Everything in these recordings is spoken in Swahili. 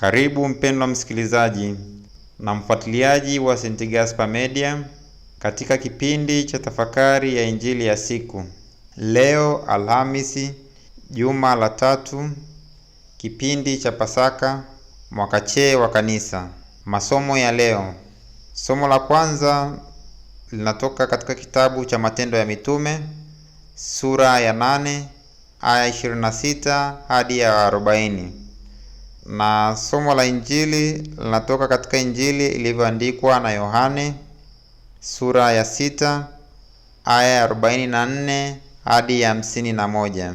Karibu mpendwa msikilizaji na mfuatiliaji wa St. Gaspar Media katika kipindi cha tafakari ya Injili ya siku. Leo Alhamisi, juma la tatu, kipindi cha Pasaka, mwaka C wa Kanisa. Masomo ya leo. Somo la kwanza linatoka katika kitabu cha Matendo ya Mitume sura ya 8 aya 26 hadi ya 40 na somo la Injili linatoka katika Injili ilivyoandikwa na Yohane sura ya sita aya ya arobaini na nne hadi ya hamsini na moja.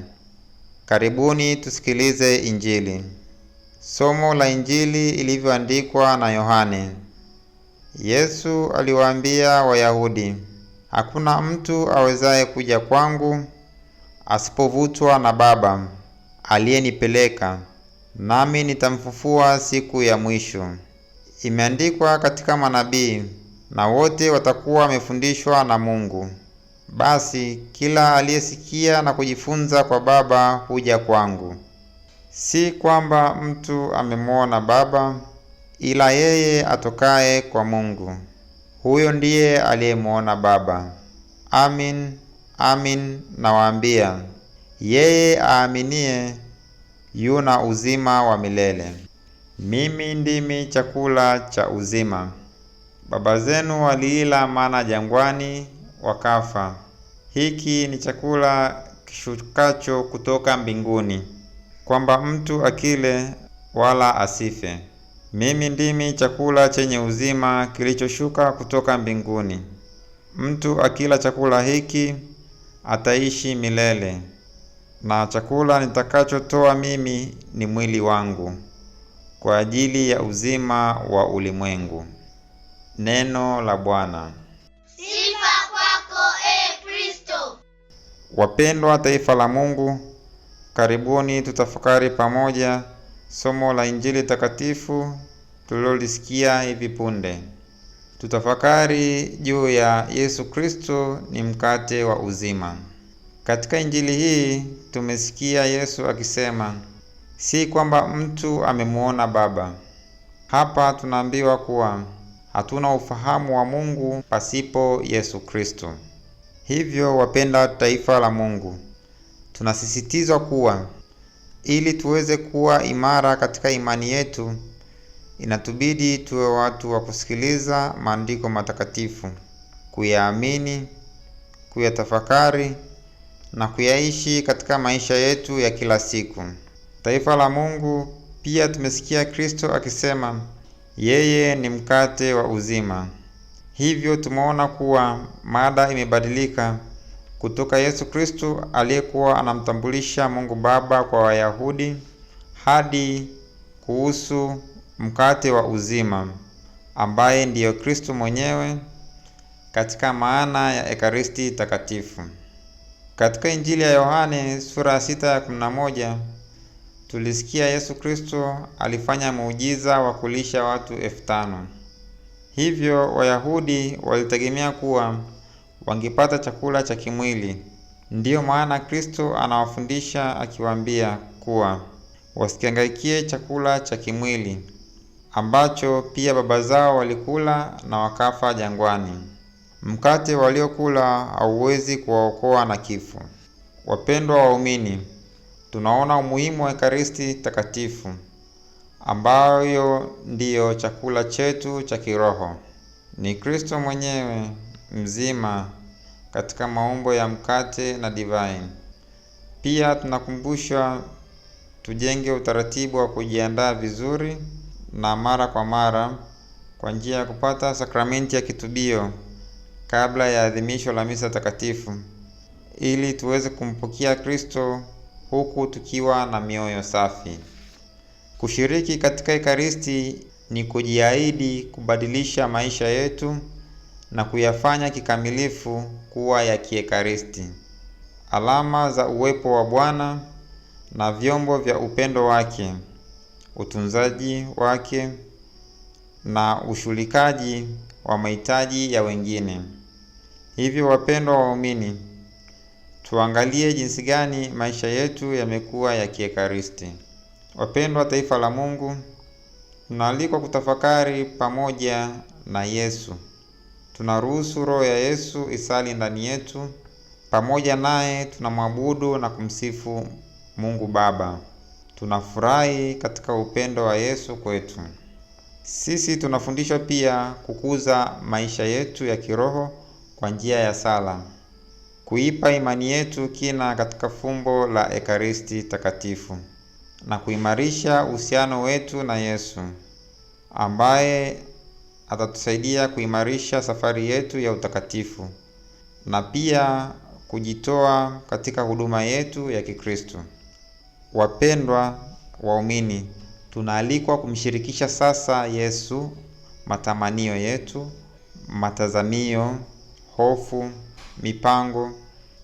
Karibuni tusikilize Injili. Somo la Injili ilivyoandikwa na Yohane. Yesu aliwaambia Wayahudi, hakuna mtu awezaye kuja kwangu asipovutwa na Baba aliyenipeleka nami nitamfufua siku ya mwisho. Imeandikwa katika manabii, na wote watakuwa wamefundishwa na Mungu. Basi kila aliyesikia na kujifunza kwa Baba huja kwangu. Si kwamba mtu amemwona Baba, ila yeye atokaye kwa Mungu, huyo ndiye aliyemwona Baba. Amin, amin nawaambia, yeye aaminie yuna uzima wa milele. Mimi ndimi chakula cha uzima. Baba zenu waliila mana jangwani wakafa. Hiki ni chakula kishukacho kutoka mbinguni, kwamba mtu akile wala asife. Mimi ndimi chakula chenye uzima kilichoshuka kutoka mbinguni. Mtu akila chakula hiki ataishi milele na chakula nitakachotoa mimi ni mwili wangu kwa ajili ya uzima wa ulimwengu. Neno la Bwana. Sifa kwako e Kristo. Wapendwa taifa la Mungu, karibuni tutafakari pamoja somo la Injili takatifu tulilolisikia hivi punde. Tutafakari juu ya Yesu Kristo ni mkate wa uzima. Katika Injili hii tumesikia Yesu akisema, si kwamba mtu amemwona Baba. Hapa tunaambiwa kuwa hatuna ufahamu wa Mungu pasipo Yesu Kristo. Hivyo wapenda taifa la Mungu, tunasisitizwa kuwa ili tuweze kuwa imara katika imani yetu, inatubidi tuwe watu wa kusikiliza maandiko matakatifu, kuyaamini, kuyatafakari na kuyaishi katika maisha yetu ya kila siku. Taifa la Mungu pia tumesikia Kristo akisema yeye ni mkate wa uzima. Hivyo tumeona kuwa mada imebadilika kutoka Yesu Kristo aliyekuwa anamtambulisha Mungu Baba kwa Wayahudi hadi kuhusu mkate wa uzima ambaye ndiyo Kristo mwenyewe katika maana ya Ekaristi Takatifu. Katika Injili ya Yohane sura ya sita ya kumi na moja tulisikia Yesu Kristo alifanya muujiza wa kulisha watu elfu tano. Hivyo Wayahudi walitegemea kuwa wangepata chakula cha kimwili. Ndiyo maana Kristo anawafundisha akiwaambia kuwa wasikangaikie chakula cha kimwili ambacho pia baba zao walikula na wakafa jangwani. Mkate waliokula hauwezi kuwaokoa na kifo. Wapendwa waumini, tunaona umuhimu wa Ekaristi Takatifu ambayo ndiyo chakula chetu cha kiroho. Ni Kristo mwenyewe mzima katika maumbo ya mkate na divai. Pia tunakumbushwa tujenge utaratibu wa kujiandaa vizuri na mara kwa mara kwa njia ya kupata sakramenti ya kitubio kabla ya adhimisho la misa takatifu ili tuweze kumpokea Kristo huku tukiwa na mioyo safi. Kushiriki katika Ekaristi ni kujiahidi kubadilisha maisha yetu na kuyafanya kikamilifu kuwa ya kiekaristi, alama za uwepo wa Bwana na vyombo vya upendo wake, utunzaji wake na ushirikaji wa mahitaji ya wengine. Hivyo wapendwa waumini, tuangalie jinsi gani maisha yetu yamekuwa ya kiekaristi. Wapendwa taifa la Mungu, tunaalikwa kutafakari pamoja na Yesu. Tunaruhusu roho ya Yesu isali ndani yetu, pamoja naye tunamwabudu na kumsifu Mungu Baba. Tunafurahi katika upendo wa Yesu kwetu. Sisi tunafundishwa pia kukuza maisha yetu ya kiroho kwa njia ya sala, kuipa imani yetu kina katika fumbo la Ekaristi Takatifu na kuimarisha uhusiano wetu na Yesu ambaye atatusaidia kuimarisha safari yetu ya utakatifu na pia kujitoa katika huduma yetu ya Kikristo. Wapendwa waumini, tunaalikwa kumshirikisha sasa Yesu matamanio yetu, matazamio hofu, mipango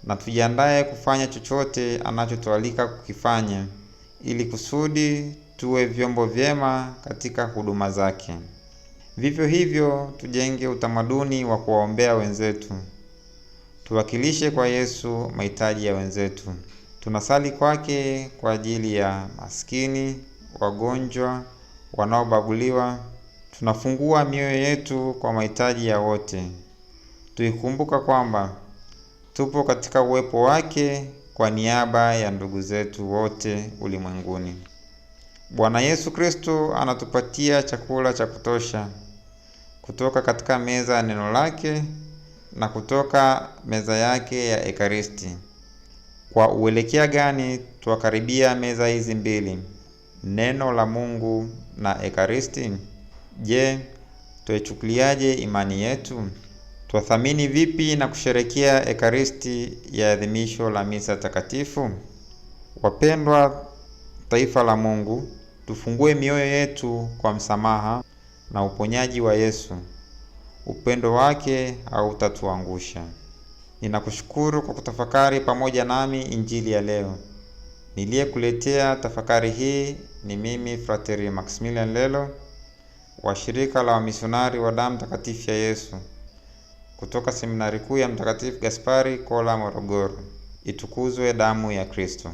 na tujiandae kufanya chochote anachotualika kukifanya ili kusudi tuwe vyombo vyema katika huduma zake. Vivyo hivyo, tujenge utamaduni wa kuwaombea wenzetu, tuwakilishe kwa Yesu mahitaji ya wenzetu. Tunasali kwake kwa ajili ya maskini, wagonjwa, wanaobaguliwa. Tunafungua mioyo yetu kwa mahitaji ya wote tuikumbuka kwamba tupo katika uwepo wake kwa niaba ya ndugu zetu wote ulimwenguni. Bwana Yesu Kristo anatupatia chakula cha kutosha kutoka katika meza ya neno lake na kutoka meza yake ya Ekaristi. Kwa uelekea gani twakaribia meza hizi mbili, neno la Mungu na Ekaristi? Je, tuichukuliaje imani yetu? Twathamini vipi na kusherekea Ekaristi ya adhimisho la misa takatifu? Wapendwa taifa la Mungu, tufungue mioyo yetu kwa msamaha na uponyaji wa Yesu. Upendo wake hautatuangusha. Ninakushukuru kwa kutafakari pamoja nami injili ya leo. Niliyekuletea tafakari hii ni mimi Frateri Maximilian Lelo wa shirika la wamisionari wa damu takatifu ya Yesu. Kutoka Seminari Kuu ya Mtakatifu Gaspari Kola, Morogoro. Itukuzwe Damu ya Kristo!